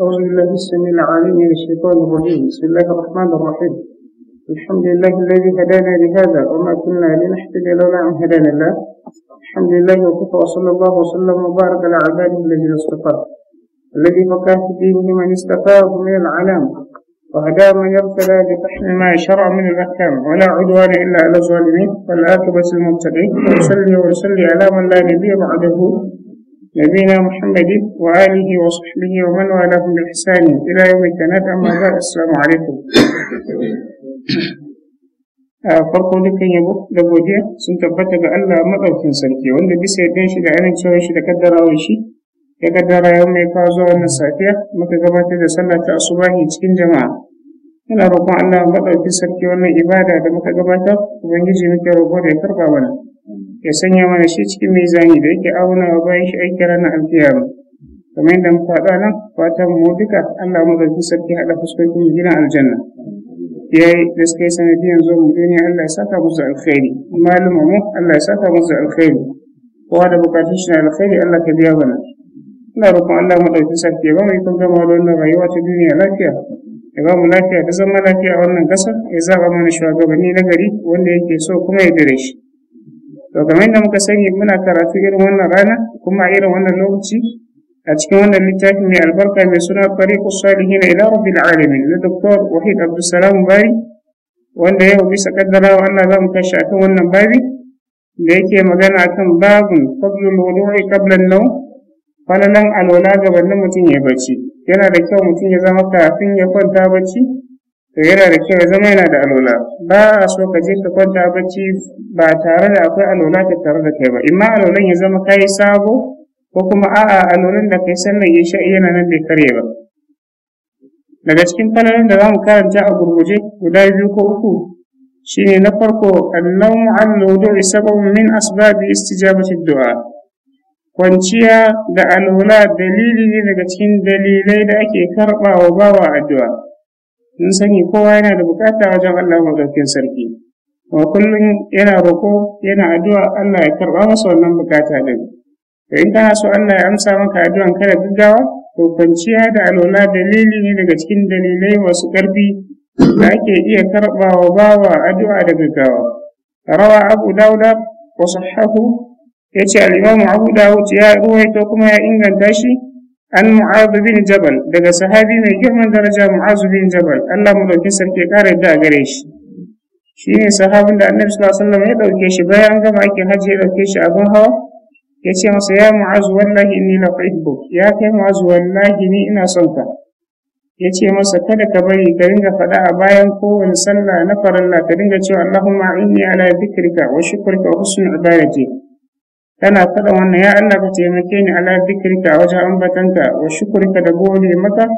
أعوذ بالله السميع العليم من الشيطان الرجيم بسم الله الرحمن الرحيم الحمد لله الذي هدانا لهذا وما كنا لنهتدي لولا أن هدانا الله الحمد لله وكفى وصلى الله وسلم وبارك على عباده الذين اصطفى الذي فقه في دينه من استفاه من العلام وهدى من يرتدى بفحم ما شرع من الأحكام ولا عدوان إلا على الظالمين والعاقبة للمتقين وصلي وصلي على من لا نبي بعده نبينا محمد وآله وصحبه ومن والاهم بإحسان إلى يوم التناد أما بعد السلام عليكم farko dukkan yabo da godiya sun tabbata ga Allah maɗaukin sarki wanda bisa yadda shi da ainihin cewa shi da kaddarawar shi ya kaddara yau mai kawo zuwa wannan safiya muka gabatar da sallah ta asubahi cikin jama'a ina roƙon Allah maɗaukin sarki wannan ibada da muka gabatar ubangiji muke roƙo da ya karba mana ya sanya mana shi cikin mizani da yake aunawa bayan shi aiki ranar alkiyama kamar yadda muka faɗa nan fatan mu duka Allah mu zargi sarki haɗa fuskokin gidan aljanna yi da suka yi sanadiyan zuwa mu duniya Allah ya saka musu alkhairi malama mu Allah ya saka musu alkhairi kowa da bukatun shi na alkhairi Allah ka biya mana ina roƙon Allah mu ɗauki sarki ya ba mu ikon gama wannan rayuwa ta duniya lafiya ya ba mu lafiya da zama lafiya a wannan ƙasar ya zaɓa mana shugabanni na gari wanda yake so kuma ya dare shi to kamar yadda muka sani muna karatu irin wannan rana kuma a irin wannan lokaci a cikin wannan littafi mai albarka mai suna tariqus salihin ila rabbil alamin na doktor wahid abdulsalam bari wanda yau bisa wa Allah za mu akan wannan babi da yake magana akan babun fadlul wudu'i qabla an-nawm falalan alwala gabanin mutum ya bacci yana da kyau mutum ya zama kafin ya kwanta bacci to yana da kyau ya zama yana da alola. ba a so ka je ka kwanta bacci ba tare da akwai alwala ta tare da kai ba imma alwalan ya zama kai sabo ko kuma a'a alwalan da kai sallar ya sha yana nan bai karye ba daga cikin falalin da za mu karanta a gurguje guda biyu ko uku shine na farko annawmu an wudu'i sababun min asbabi istijabati du'a kwanciya da alola dalili ne daga cikin dalilai da ake karɓa wa bawa addu'a sun sani kowa yana da bukata wajen Allah madaukakin sarki wa kullum yana roko yana addu'a Allah ya karba masa wannan bukata din to in kana so Allah ya amsa maka addu'an kada gaggawa to kwanciya da alola dalili ne daga cikin dalilai masu karfi da ake iya wa bawa addu'a da gaggawa rawa abu Dawud wa sahahu yace al imam abu dawud ya ruwaito kuma ya inganta shi an mu'adhu bin jabal daga sahabi mai girman daraja mu'adhu bin jabal Allah mu dauki sarki kare da gare shi shine sahabin da annabi sallallahu alaihi wasallam ya dauke shi bayan gama aikin hajji ya dauke shi abin hawa ya ce masa ya mu'azu wallahi inni la ya kai mu'azu wallahi ni ina son ka ya ce masa kada ka bari ka ringa faɗa a bayan kowane sallah na faralla ka ringa cewa Allahumma inni ala dhikrika wa shukrika wa husni ibadatik tana faɗa wannan ya Allah ka taimake ni ala zikirka a wajen ambatanka wa shukurka da gode maka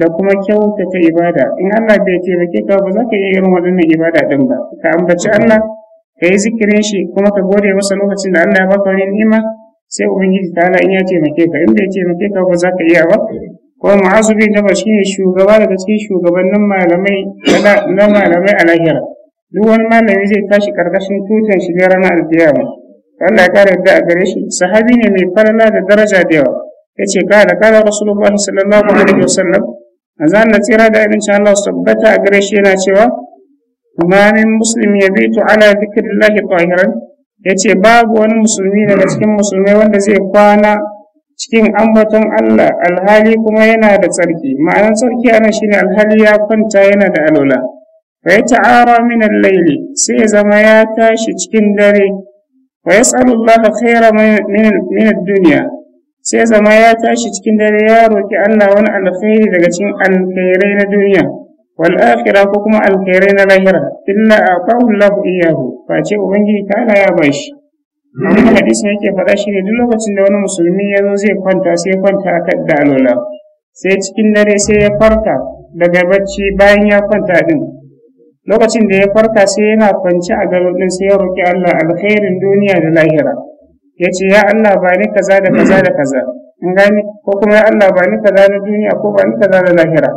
da kuma kyautata ibada in Allah bai taimake ka ba za ka iya irin waɗannan ibada ɗin ba ka ambaci Allah ka yi zikirin shi kuma ka gode masa lokacin da Allah ya baka wani ni'ima sai ubangiji ta in ya taimake ka in bai taimake ka ba za ka iya ba kuma ma'azu bin shi shine shugaba daga cikin shugabannin malamai na malamai a lahira duk wani malami zai tashi karkashin tutan shi ranar ba. Allah ya kare da a gare shi sahabi ne mai falala da daraja da yawa yace kana kana rasulullah sallallahu alaihi wasallam azan na tsira da abincin Allah tabbata a gare shi yana cewa ma min muslim yabitu ala dhikrillah tahiran yace babu wani musulmi daga cikin musulmai wanda zai kwana cikin ambaton Allah alhali kuma yana da tsarki ma'anar tsarki anan shine alhali ya kwanta yana da alola fa ya ta'ara min al-layli sai zama ya tashi cikin dare wa yas'alullaha khayra min ad-dunya sai zama ya tashi cikin dare ya roki Allah wani alkhairi daga cikin alkhairai na duniya wal akhirah ko kuma alkhairai na lahira illa aqahu Allahu iyyahu fa ce ubangiji ta ya bashi amma hadisin yake faɗa shi ne duk lokacin da wani musulmi ya zo zai kwanta sai kwanta a kan da alola sai cikin dare sai ya farka daga bacci bayan ya kwanta din lokacin da ya farka sai yana kwance a gado din sai ya roki Allah alkhairin duniya da lahira ya ce ya Allah ba ni kaza da kaza da kaza in gani ko kuma ya Allah ba ni kaza na duniya ko ba ni kaza da lahira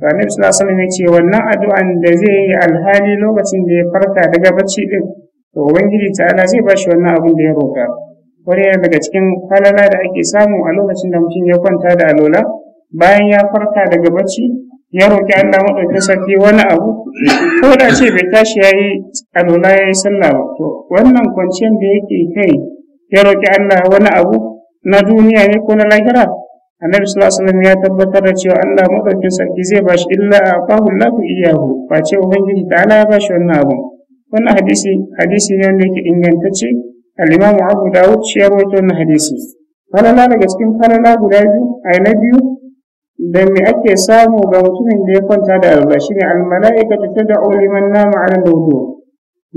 to annabi sallallahu alaihi wasallam ya ce wannan addu'an da zai yi alhali lokacin da ya farka daga bacci din to ubangiji ta'ala zai bashi wannan abin da ya roka wani daga cikin falala da ake samu a lokacin da mutum ya kwanta da alola bayan ya farka daga bacci ya roƙi Allah maɗaukin sarki wani abu ko da ce bai tashi ya yi alula ya yi sallah ba to wannan kwanciyar da yake kai ya roƙi Allah wani abu na duniya ne ko na lahira annabi sallallahu alaihi ya tabbatar da cewa Allah maɗaukin sarki zai ba shi illa a fahu lahu iyahu ba ce ubangiji ta ala ya ba shi wannan abun wannan hadisi hadisi ne wanda yake ingantacce Alimamu abu dawud shi ya rawaito wannan hadisi falala daga cikin falala guda biyu a na biyu da me ake samu ga mutumin da ya kwanta da alba shine almala'ikatu tad'u liman nama 'ala al-wudu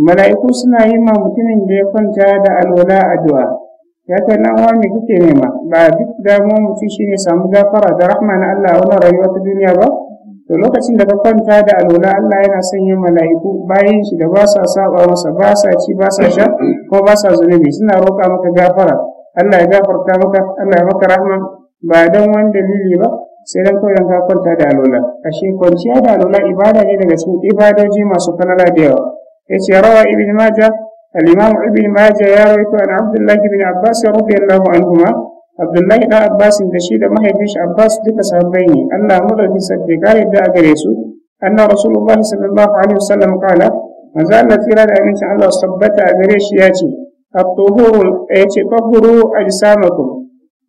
mala'iku suna yi ma mutumin da ya kwanta da alwala addu'a ya ta nan wa me kike nema ba duk damuwa mutum shine samu gafara da rahma na Allah wa rayuwa ta duniya ba to lokacin da ka kwanta da alwala Allah yana sanya yin mala'iku bayan shi da ba sa saba masa ba sa ci ba sa sha ko ba sa zunubi suna roƙa maka gafara Allah ya gafarta maka Allah ya maka rahma ba dan wani dalili ba sai dan kawai ka kwanta da alola ashe kwanciya da alola ibada ne daga cikin ibadoji masu falala da yawa yace rawa ibn majah al-imam ibn majah ya rawaito an abdullahi ibn abbas radiyallahu anhuma abdullahi da abbas da shi da mahaifinsa abbas duka sahabbai ne Allah madauki sabbi kare da gare su anna rasulullahi sallallahu alaihi wasallam qala manzo Allah tira da amincin Allah tabbata a gare shi yace at-tuhuru yace tahuru ajsamakum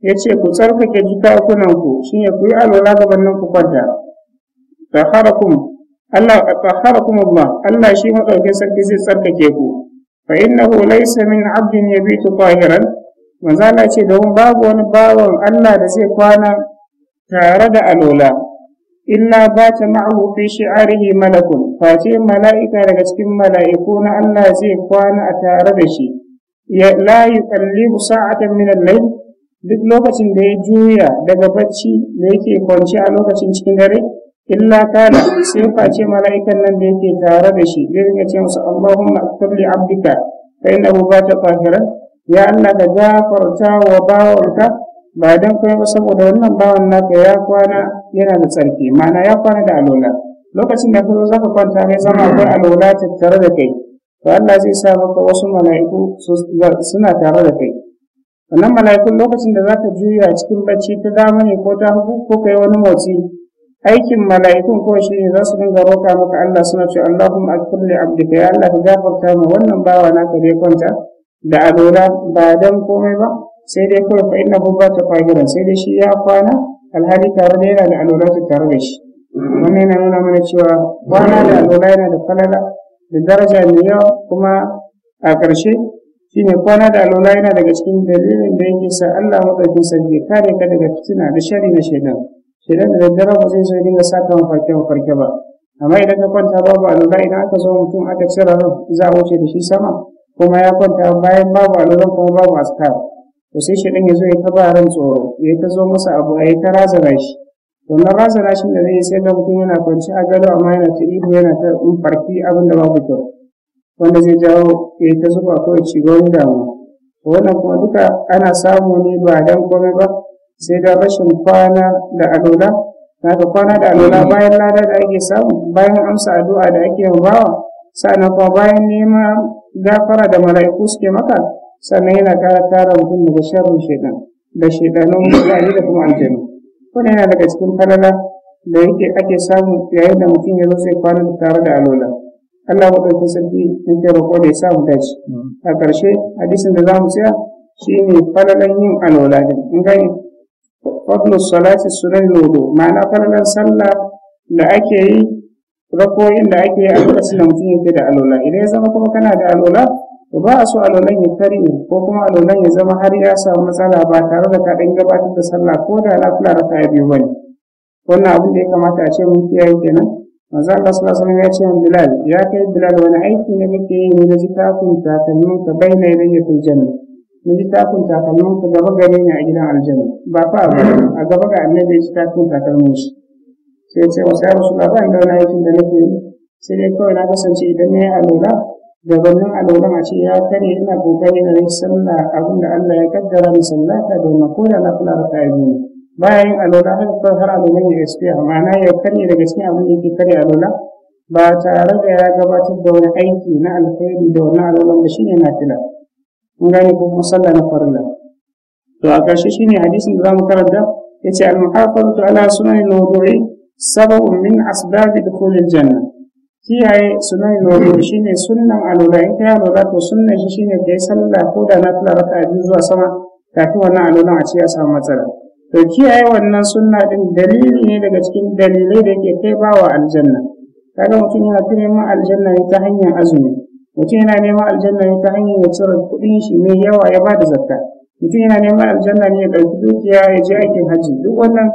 yace ku tsarkake jikakunanku shi ne ku yi alwala gabanin ku kwanta taharakum Allah taharakum Allah Allah shi madaukin sarki zai tsarkake ku fa innahu laysa min abdin yabitu tahiran manzo Allah ce domin babu wani bawan Allah da zai kwana tare da alwala illa ba ta ma'ahu fi shi'arihi malakun face mala'ika daga cikin mala'iku na Allah zai kwana a tare da shi la yukallimu sa'atan min al-layl duk lokacin da ya juya daga bacci da yake kwanci a lokacin cikin dare illa kana sai face mala'ikan nan da yake tare da shi zai rinka ce musu Allahumma akfir li abdika fa innahu bata qahira ya Allah ka gafarta wa bawarka ba dan kai ba saboda wannan bawan naka ya kwana yana da tsarki ma'ana ya kwana da alola lokacin da ka zaka kwanta ne zama akwai alola tattare da kai to Allah zai sa maka wasu mala'iku suna tare da kai wannan mala'ikun lokacin da za ka juya cikin bacci ta dama ne ko ta hagu ko kai wani motsi aikin mala'ikun ko shi ne za su dinga roƙa maka Allah suna ce Allahumma akfir li abdika ya Allah ka gafarta ma wannan bawa naka da kwanta da alura ba dan komai ba sai dai kawai fa inna hubba ta sai dai shi ya kwana alhali tare da yana da alura ta tare da shi wannan yana nuna mana cewa kwana da alura yana da falala da daraja mai yawa kuma a ƙarshe shi ne kwana da alola yana daga cikin dalilin da yake sa Allah madaukakin sarki kare ka daga fitina da shari na shaidan shaidan da daddare ba zai zo ya dinga saka mafarki mafarki ba amma idan ka kwanta babu alola idan aka zo mutum aka cire za a wuce da shi sama kuma ya kwanta bayan babu alola kuma babu askar to sai shaidan ya zo ya taba ran tsoro ya ta zo masa abu A yi ta razana shi wannan razana shi da zai sai da mutum yana kwanci a gado amma yana ta ihu yana ta farki abin da babu kyau wanda zai jawo ya ta zuba kawai shiga wani damuwa wannan kuma duka ana samu ne ba dan komai ba sai da rashin kwana da alola na ga kwana da alola mm. bayan lada da ake samu bayan amsa addu'a da ake bawa sannan kuma bayan neman gafara da mala'iku suke maka sannan yana kara tara mutum daga sharrin shaitan da shaitanun mutane da kuma aljanu wannan yana daga cikin falala da yake ake samu yayin da mutum ya zo sai kwana da tare da alola Allah madaukakin sarki yake roƙo da ya sa mu dace hmm. a ƙarshe hadisin da za zamu tsaya shine falalan yin alwala din in gani ƙwaɗin salati sunan lodo ma'ana falalan sallah da ake yi rakoyin da ake yi a lokacin da mutum yake da alwala idan ya zama kuma kana da alwala to ba a so alwalan ya karye ko kuma alwalan ya zama har ya samu matsala ba tare da ka ɗan gabatar da sallah ko da lafiya raka biyu bane wannan abin da ya kamata a ce mun kiyaye kenan manzo Allah sallallahu alaihi ya ce wa Bilal ya kai Bilal wani aiki ne muke yi ne na ji takun takalmin ka baina yadayya fil janna na ji takun takalmin ka gaba gare ne a gidan aljanna ba fa ba, a gaba ga annabi ya ji takun takalmin shi sai ce wasu ya rasu labarin da wani aikin da nake yi sai dai kawai na kasance idan na yi alola gabanin alolan a ce ya kare ina kokari na yi sallah abinda Allah ya kaddara misallata da na na kula da kayan bayan alola haka kawai har alolan ya gaskiya ma'ana ya karye daga cikin abin da ke karya alola ba tare da ya gabatar da wani aiki na alkhairi da da shi ba na fila. in gane ko kuma sallah na farilla to a ƙarshe ne hadisin da za mu karanta yace al-muhafazatu ala sunanin wudu'i sab'un min asbab dukhulil janna kiyaye sunan yobe shi ne sunan alola in ka alola to sunan shi shine ka yi sallah ko da na fila raka biyu zuwa sama kafin wannan alolan a ce ya samu matsala to kiyaye wannan sunna din dalili ne daga cikin dalilai da yake kai bawa aljanna kaga mutum yana ta neman aljanna ne ta hanyar azumi mutum yana neman aljanna ne ta hanyar ya cire kuɗin shi mai yawa ya ba da zakka mutum yana neman aljanna ne ya ɗauki dukiya ya je aikin hajji duk wannan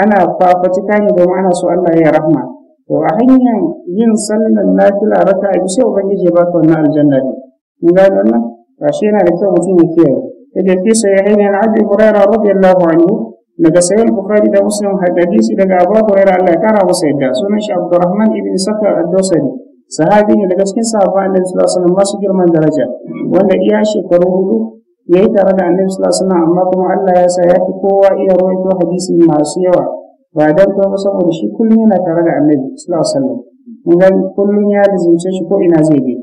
ana fafatika ne domin ana so Allah ya rahma to a hanyar yin sallar nafila raka a bisa ubangiji ya baka wannan aljanna ne mun gane wannan ba shi yana da kyau mutum ya kiyaye da fi sahihain an abi hurairah radiyallahu anhu daga sayar bukhari da muslim hadisi daga abu hurairah Allah ya kara masa yadda sunan shi abdurrahman ibn sakar ad-dawsari sahabi ne daga cikin sahabban annabi sallallahu alaihi wasallam masu girman daraja wanda iya shekaru hudu yayi tare da annabi sallallahu alaihi wasallam amma kuma Allah ya sa ya fi kowa iya rawaito hadisi masu yawa ba dan ba saboda shi kullum yana tare da annabi sallallahu alaihi wasallam ga kullum ya lazimce shi ko ina zai je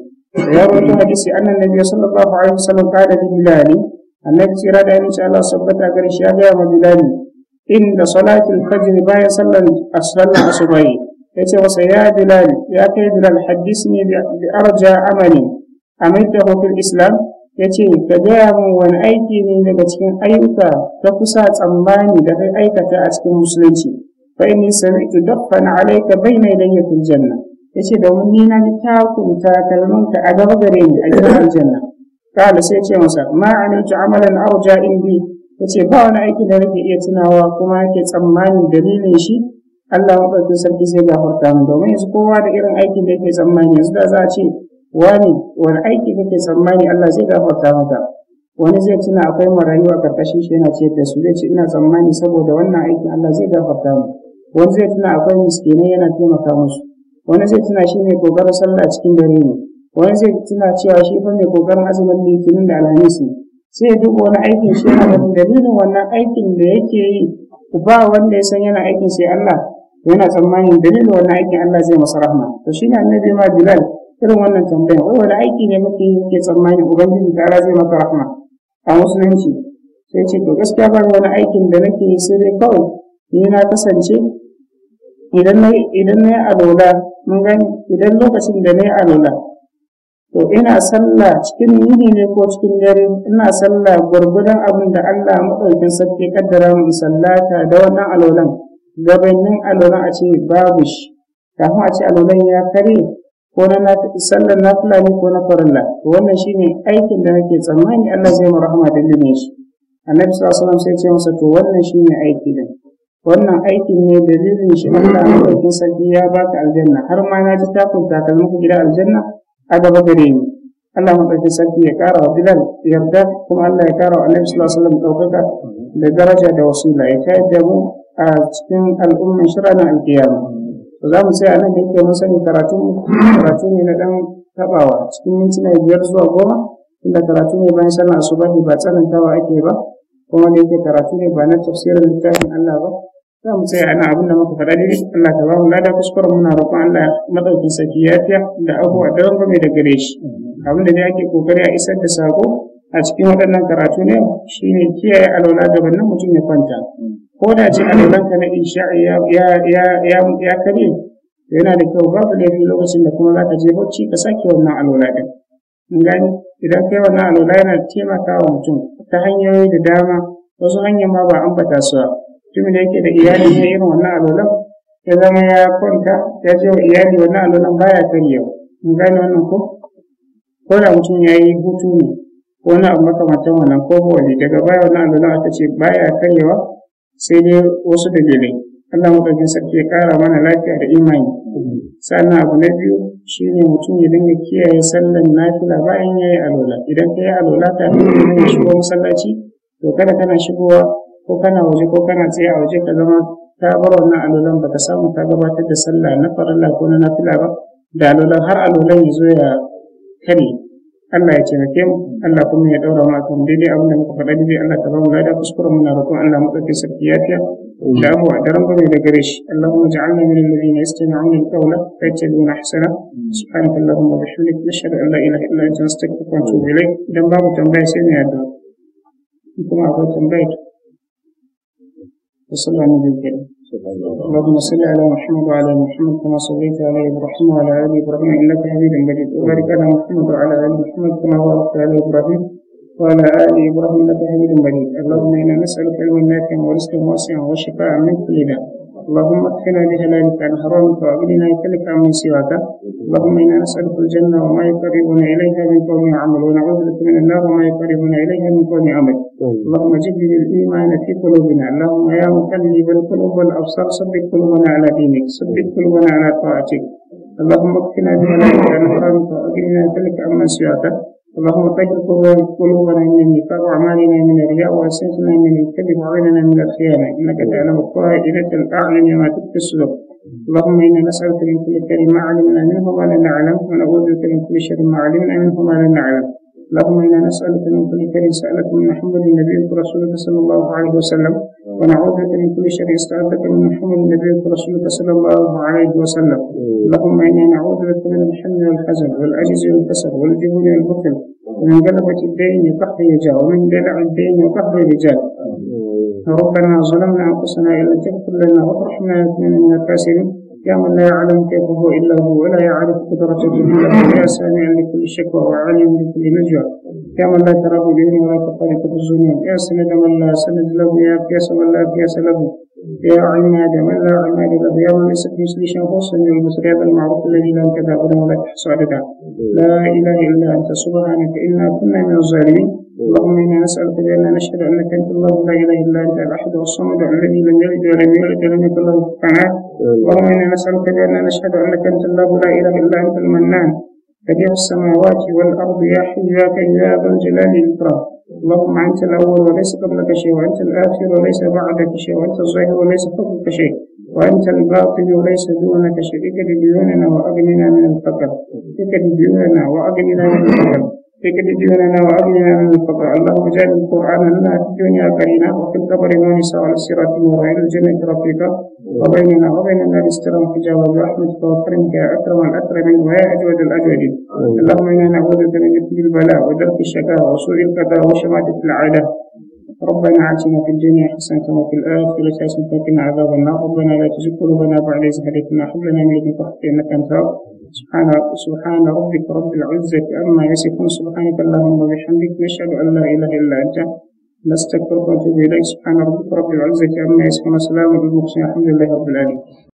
ya rawaito hadisi annabi sallallahu alaihi wasallam kana bilali annabi tsira da yanci Allah sabbata gare shi ya gaya ma bilali inda salatul fajr bayan sallan sallan asubahi yace masa ya bilali ya kai bilal haddisni bi arja amali amaidahu fil islam yace ka gaya min wani aiki ne daga cikin ayyuka ta kusa tsammani da kai aikata a cikin musulunci fa inni sami'tu daffan alayka bayna yadayya fil janna yace domin ni na ta takalmanka a gaba gare ni a gidan aljanna kala sai ce masa ma amiltu amalan arja indi yace ba wani aiki da nake iya tunawa kuma yake tsammanin dalilin shi Allah mabarkin sarki zai gafarta mu domin yanzu kowa da irin aikin da yake tsammani yanzu da za a ce wani wani aiki kake tsammani Allah zai gafarta maka wani zai tuna akwai marayu a karkashin shi yana ciyar da su zai ce ina tsammani saboda wannan aikin Allah zai gafarta mu wani zai tuna akwai miskinai yana taimaka musu wani zai tuna shi ne kokarin sallah cikin dare ne wani zai tuna cewa shi fa mai kokarin azumin litinin da alhamis ne sai duk wani aikin shi na ganin dalilin wannan aikin da yake yi ba wanda ya san yana aikin sai Allah yana tsammanin dalilin wannan aikin Allah zai masa rahma to shi shine annabi ma Bilal irin wannan tambaya wai wani aiki ne muke yake tsammanin ubangiji ta Allah zai masa rahma a musulunci sai ce to gaskiya ba wani aikin da nake yi sai dai kawai ni na kasance idan na idan na yi alola mun gani idan lokacin da na yi alola to ina sallah cikin yini ne ko cikin dare ina sallah gwargwadon abin da Allah maɗaukin sarki kaddara mu sallata da wannan alolan gabanin alolan a ce babu shi kafin a ce alolan ya kare ko na sallar na fulani ko na farilla wannan shine aikin da nake tsammani Allah zai mu rahama da limin shi annabi sallallahu alaihi wasallam sai ce masa to wannan shine aiki din wannan aikin ne dalilin shi Allah maɗaukin sarki ya baka aljanna har ma na ji takun takalmin gida aljanna a gaba gare Allah sarki ya kara wa Bilal yarda kuma Allah ya ƙara wa Annabi sallallahu alaihi wasallam daukaka da daraja da wasila ya kai da mu a cikin shirya shiranin alkiyama to za mu sai anan da yake mun sani karatu karatu ne na dan taɓawa? cikin mintuna biyar zuwa goma inda karatu ne bayan sallar asubahi ba tsanantawa ake ba kuma da yake karatu ne ba na tafsirin littafin Allah ba za mu tsaya ana abin da muka faɗa ne Allah ta bamu lada kuskuren muna roƙon Allah madaukin sarki yafiya da abubuwa da ranka mai da gare shi abin da ne ake kokari a isar da sako a cikin waɗannan karatu ne shine kiyaye alwala nan mutum ya kwanta ko da ce alwalanka na isha ya ya ya ya yana da kyau babu laifi lokacin da kuma za ka je bacci ka sake wannan alwala din mun gani idan kai wannan alwala yana taimakawa mutum ta hanyoyi da dama wasu hanyar ma ba ambata su mutumin da yake da iyali ne irin wannan alolan ya zama ya kwanta ya ce wa iyali wannan alolan gane wannan ko ko mutum ya yi hutu ne abu wannan ko wani daga baya wannan alolan aka ce baya karyawa sai dai wasu dalilai Allah maɗaukin sarki ya kara mana lafiya da imani sannan abu na biyu shine mutum ya dinga kiyaye sallan nafila bayan ya yi alola idan ka yi ta kafin shi shigo masallaci to kada kana shigowa ko kana waje ko kana tsaye a waje ka zama ta bar wannan alolan ba ka samu ka gabatar da sallah na farilla ko na nafila ba da alolan har alolan ya zo ya kare Allah ya taimake mu Allah kuma ya daura mu akan daidai abin da muka faɗa daidai Allah ta ba mu lada kuskuren muna roƙon Allah mu ɗauke sarki yafiya da abu a daren gobe da gare shi Allahumma ja'alna min alladhina yastami'una al-qawla fa yattabi'una ahsana subhanaka allahumma wa bihamdika nashhadu an la ilaha illa anta nastaghfiruka wa natubu ilayk idan babu tambaya sai mu yadda kuma akwai tambaya وصلى على النبي الكريم اللهم صل على محمد وعلى محمد كما صليت على ابراهيم وعلى ال ابراهيم انك حميد مجيد وبارك على محمد وعلى ال محمد كما باركت على ابراهيم وعلى ال ابراهيم انك حميد مجيد اللهم انا نسالك علما نافعا ورزقا واسعا وشفاء من كل داء اللهم اكفنا بهلالك عن حرامك وعبدنا يكلك من سواك اللهم انا نسالك الجنه وما يقربون اليها من قوم عمل ونعوذ بك من النار وما يقربون اليها من قوم عمل اللهم جدد الايمان في قلوبنا اللهم يا مقلب القلوب والابصار ثبت قلوبنا على دينك ثبت قلوبنا على طاعتك اللهم اكفنا بهلالك عن حرامك وعبدنا يكلك من سواك اللهم طهر قلوبنا من النفاق واعمالنا من الرياء واسنتنا من الكذب وعيننا من الخيانه انك تعلم خائنة الاعين وما تبكي الصدور اللهم انا نسالك من كل شر ما علمنا منه ما لم نعلم ونعوذ بك من كل شر ما علمنا منه ما لم نعلم اللهم انا نسالك من كل شر سالك من محمد نبيك ورسولك صلى الله عليه وسلم ونعوذ بك من كل شر استعاذك من حمل نبيك ورسولك صلى الله عليه وسلم اللهم انا نعوذ بك من الحمل والحزن والعجز والكسل والجبن والبخل ومن قلبة الدين وقهر الرجال ومن دلع الدين وقهر الرجال ربنا ظلمنا انفسنا ان لم تغفر لنا وترحمنا لنكن من الخاسرين يا من لا يعلم كيفه الا هو ولا يعرف قدرته الا هو يا سامع لكل شكوى وعالم لكل مجوى يا من لا ترى به ولا تقرب الذنوب يا سند من لا سند له يا قياس من لا قياس له يا عماد من لا عماد له يا من ليس كمثله شيء خاصا بالمثل هذا المعروف الذي لا كذا ابدا ولا تحصى عددا لا اله الا انت سبحانك انا كنا من الظالمين اللهم انا نسالك بان نشهد انك انت الله لا اله الا انت الاحد والصمد الذي لم يلد ولم يولد ولم يكن له كفوا اللهم انا نسالك بان نشهد انك انت الله لا اله الا انت المنان بديع السماوات والأرض يا حي يا ذا الجلال الإكرام اللهم أنت الأول وليس قبلك شيء وأنت الآخر وليس بعدك شيء وأنت الظاهر وليس فوقك شيء وأنت الباطل وليس دونك شيء اكد ديوننا وأغننا من الفقر اكد ديوننا وأغننا من الفقر يكدي جوننا وأبننا من فضل اللهم اجعل القرآن لنا في الدنيا قرينا وفي القبر مونسا وعلى الصراط وعين الجنة ربك وبيننا وبين النار استرم حجاب برحمتك وكرمك يا أكرم الأكرمين ويا أجود الأجودين اللهم إنا نعوذ بك من نفي البلاء ودرك الشكاوى وسوء القضاء وشماتة العادة ربنا آتنا في الدنيا حسنة وفي الآخرة حسنة وقنا عذاب النار ربنا لا تزغ قلوبنا بعد إذ هديتنا هب لنا من لدنك إنك أنت سبحان سبحان ربك رب العزة أما يصفون سبحانك اللهم وبحمدك نشهد أن لا إله إلا أنت نستغفرك ونتوب إليك سبحان ربك رب العزة أما يصفون سلام المرسلين الحمد لله رب العالمين